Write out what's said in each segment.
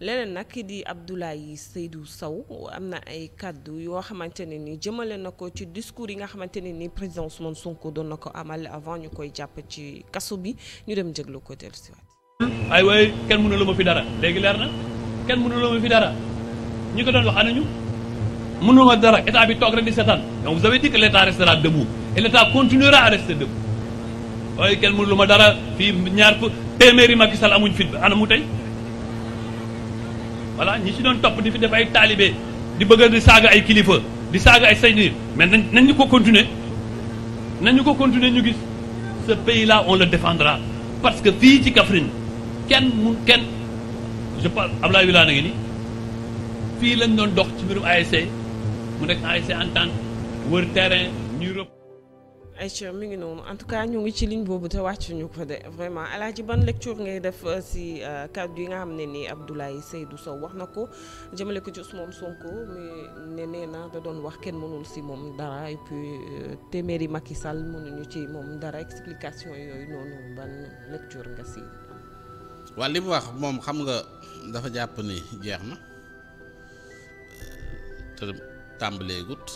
leneen nag di Abdoulaye Seydou saw am na ay kàddu yoo xamante ne ni jëmale na ko ci discours yi nga xamante ne ni président Ousmane Sonko doon na ko amal avant ñu koy jàpp ci kaso bi ñu dem jéglu ko dellusiwaat. ay waay kenn lu ma fi dara léegi leer na kenn mënuloo ma fi dara ñu ko doon wax anañu mënuloo ma dara état bi toog rek di seetaan donc vous avez dit que l' état restera debout et l' waaye kenn mënuloo ma dara fii ñaar téeméeri Macky amuñ fit ba ana voilà ñi ci doon topp di fi def ay taalibe di bëgg di saaga ay kilifa di saaga ay say niir mais nañ nañ ñu ko continuer nañu ko continuer ñu gis ce pays là on le défendra parce que fii ci kafrin kenn mun kenn je parle Abdoulaye Wilane na ngi ni fii lañ doon dox ci mbirum ASC mu nekk ASC entente wër terrain ñuy rëpp Aïcha mi ngi noonu en tout cas ñu ngi ci ligne boobu te wàccuñu ko de vraiment Alaaji ban lecture ngay def euh, si euh, kàddu yi nga xam ne ni Abdoulaye Seydou Sow wax na ko jëmale ko ci moom Sonko mu ne nee da doon wax kenn mënul si moom dara et puis euh, téeméeri Macky Sall mënuñu ci moom dara explication yooyu noonu ban lecture nga si am. waaw wax moom xam nga dafa jàpp ni jeex na te tàmbaleegut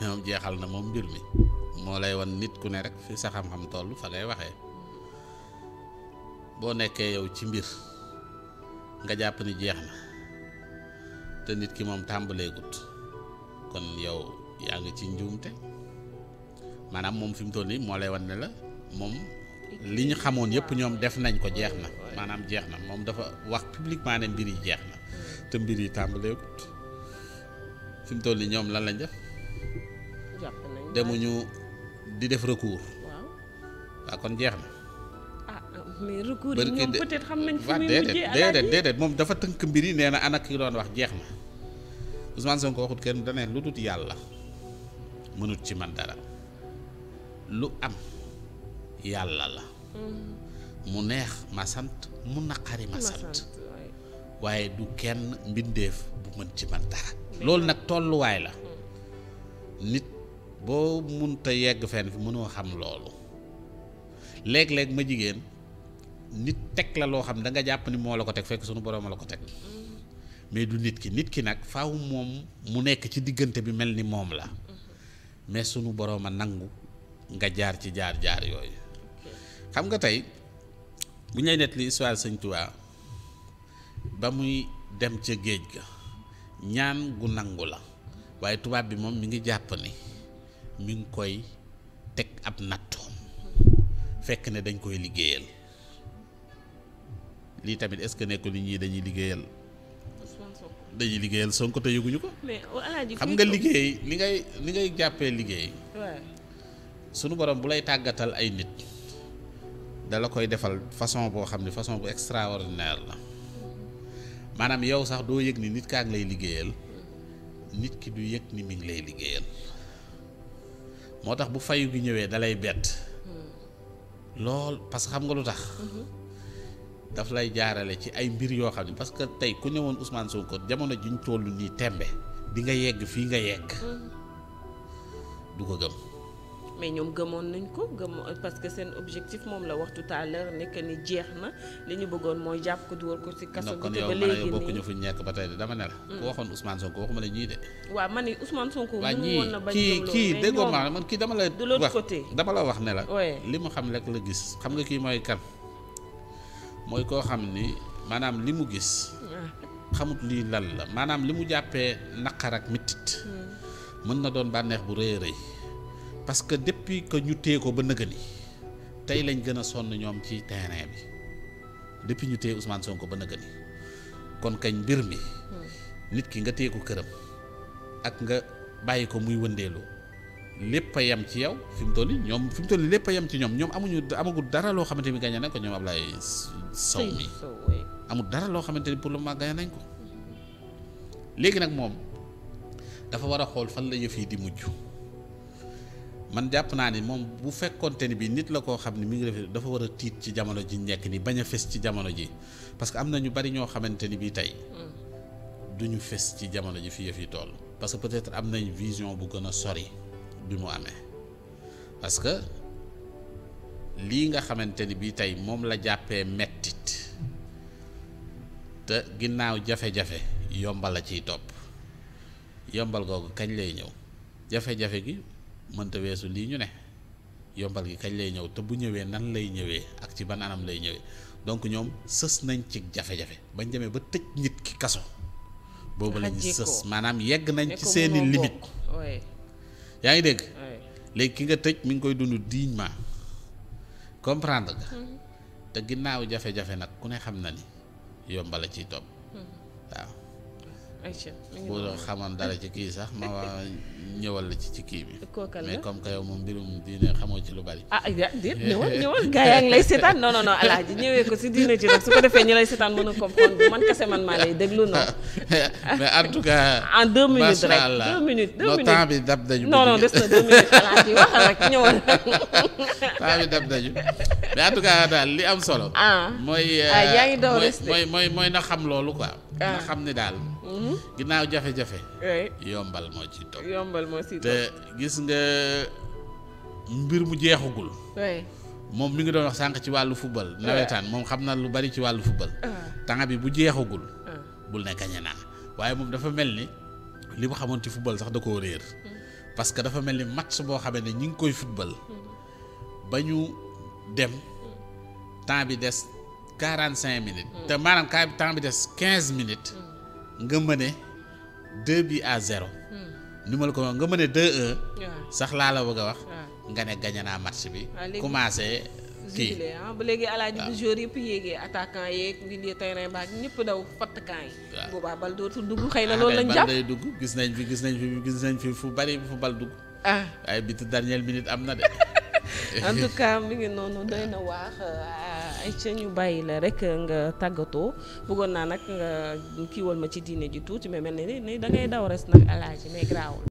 mais moom jeexal na moom mbir mi. moo lay wan nit ku ne rek fii sa xam-xam toll fa ngay waxee boo nekkee yow ci mbir nga jàpp ni jeex na te nit ki moom tàmbaleegut kon yow yaa ngi ci njuumte maanaam moom fi toll nii moo lay wan ne la moom liñ xamoon yëpp ñoom def nañ ko jeex na maanaam jeex na moom dafa wax publiquement ne mbir yi jeex na te mbir yi tàmbaleegut fi toll nii ñoom lan lañ def demuñu di def recours. waaw ah, kon jeex na. ah mais recours yi ñoom eh, xam nañ déedéet déedéet moom dafa tënk mbir yi nee na anak ki doon wax jeex na Ousmane Sonko waxut kenn da ne lu dut yàlla mënut ci man dara lu am yàlla la. Mm-hmm. mu neex masant mu naqari ma waaye du kenn mbindeef bu mën ci man dara. loolu nag tolluwaay la mm. nit. boo te yegg fenn fi mënoo xam loolu léeg-léeg ma jigéen nit teg la loo xam da nga jàpp ni moo la ko teg fekk sunu borom la ko teg mais du nit ki nit ki nag faw moom mu nekk ci diggante bi mel ni moom la mais sunu borom a nangu nga jaar ci jaar jaar yooyu xam nga tey bu ñu lay nettali histoire sëñ Tuubaa ba muy dem ca géej ga ñaan gu nangu la waaye tubaab bi moom mu ngi jàpp ni. mi ngi koy teg ab nattu fekk ne dañ koy liggéeyal lii tamit est-ce que nekkul nit ñi dañuy liggéeyal dañuy liggéeyal Sonko te yëguñu ko xam nga liggéey li ngay li ngay jàppee liggéey sunu borom bu lay tàggatal ay nit dala koy defal façon boo xam ne façon bu extraordinaire la maanaam yow sax doo yëg ni nit kaa ngi lay liggéeyal nit ki du yëg ni mi ngi lay liggéeyal moo tax bu fayu gi ñëwee dalay bett hmm. lool parce que xam nga lu tax mm-hmm. daf lay jaarale ci ay mbir yoo xam ne parce que tey ku ñëwoon Ousmane Sonko jamono juñ tollu nii tembe di nga yegg fii nga yegg mm-hmm. du ko gëm mais ñoom gëmoon nañ ko gëm parce que seen objectif moom la wax tout à l'heure ni jeex na li ñu bëggoon mooy jàpp ko dugal ko ci kaso bi te ba léegi nii fu ñu nekk ba tey de dama ne la mm. ku waxoon Ousmane Sonko waxuma la ñii de waaw man ni Ousmane Sonko mënu na bañ kii kii déggoo ma man kii dama la de l'autre côté dama la wax ne la li mu xam rek la gis xam nga kii mooy kan mooy koo xam ni maanaam li mu gis ah. xamut lii lan la maanaam li mu jàppee naqar ak mitit mm. mën na doon bànneex bu rëy a rëy parce que depuis que ñu téye ko ba nëgëni tey lañ gën a sonn ñoom ci terrain bi depuis ñu téye Ousmane Sonko ba nëgëni kon kañ mbir mi hmm. nit ki nga téye ko këram ak nga bàyyi ko muy wëndeelu lépp a yem ci yow fi mu toll nii ñoom fi mu toll lépp a yem ci ñoom ñoom amuñu amagul dara loo xamante ni gagné nañ ko ñoom Ablaye Sow mi amul dara loo xamante ni pour le moment gagné nañ ko hmm. léegi nag moom dafa war a xool fan la yëf yi di mujj. man jàpp naa ne moom bu fekkonte ni bii nit la koo xam ne mu ngi def dafa war a tiit ci jamono ji nekk ni bañ a fes ci jamono ji parce que am na ñu bari ñoo xamante ni bii tey mm. du ñu ci jamono ji fi yëf yi toll parce que peut am nañ vision bu gën a sori bi mu amee parce que lii nga xamante ni bii tey moom la jàppee mettit te ginnaaw jafe-jafe yombal la ciy topp yombal googu kañ lay ñëw jafe-jafe gi. mënta weesu lii ñu ne yombal gi kañ lay ñëw te bu ñëwee nan lay ñëwee ak ci banaanam lay ñëwee donc ñoom sës nañ ci jafe-jafe bañ demee ba tëj nit ki kaso boobu lañ sës maanaam yegg nañ ci seeni limite yaa ngi dégg léegi ki nga tëj mi ngi koy dund dignement comprendre nga mm-hmm. te ginnaaw jafe-jafe nag ku ne xam na ni yombal la ciy topp mm-hmm. waaw bu doon xamoon dara ci kii sax ma ñëwal la ci ci kii bi. mais moom mbirum diine xamoo ci lu bari. ah déet ñëwal ñëwal gars yaa ngi lay seetaan non non non alaaji ñëwee ko si a comprendre man kese mais en tout cas. en mais en tout daal li am solo. ah mooy. ah yaa ngi euh, doon resté mooy mooy mooy na xam loolu quoi. Ah. na xam ni daal. Mhm. ginnaaw jafe-jafe. yombal moo ci topp yombal moo te gis nga mbir mu jeexagul. moom mi ngi doon wax sànq ci wàllu football. nawetaan moom xam na lu bari ci wàllu football. Ah. temps bi bu jeexagul. Ah. bul nekk kañ waaye moom dafa mel ni li mu xamoon ci football sax da koo réer. Mm. parce que dafa mel ni match boo xamee ne ñu ngi koy football. Mm. ba ñu dem mm. temps bi des cinq minutes. te maanaam temps bi des minutes. nga mëne deux bi à zéro hmm. ni ma la ko wax nga mëne deux un sax laa la bëgg a wax nga ne gañe naa match bi ah, commencé kii ah, ba léegi alaaji bu joueur yëpp yéegee attaquant yeeg milieu terrain baa ñëpp daw fattkan yi boobaa bal dootul dugg xëy na ah, loolu lañ dugg gis nañ fi gis nañ fi gis nañ fi fu bari fu bal dugg ah waaye bitu dernière minute am na de en tout ngi noonu doy na waax ay ca ñu bàyyi la rek nga tàggatoo bëggoon naa nag nga kiiwal ma ci diine ji tuuti mais mel na ni da ngay daw res nag alaaji mais garaawul.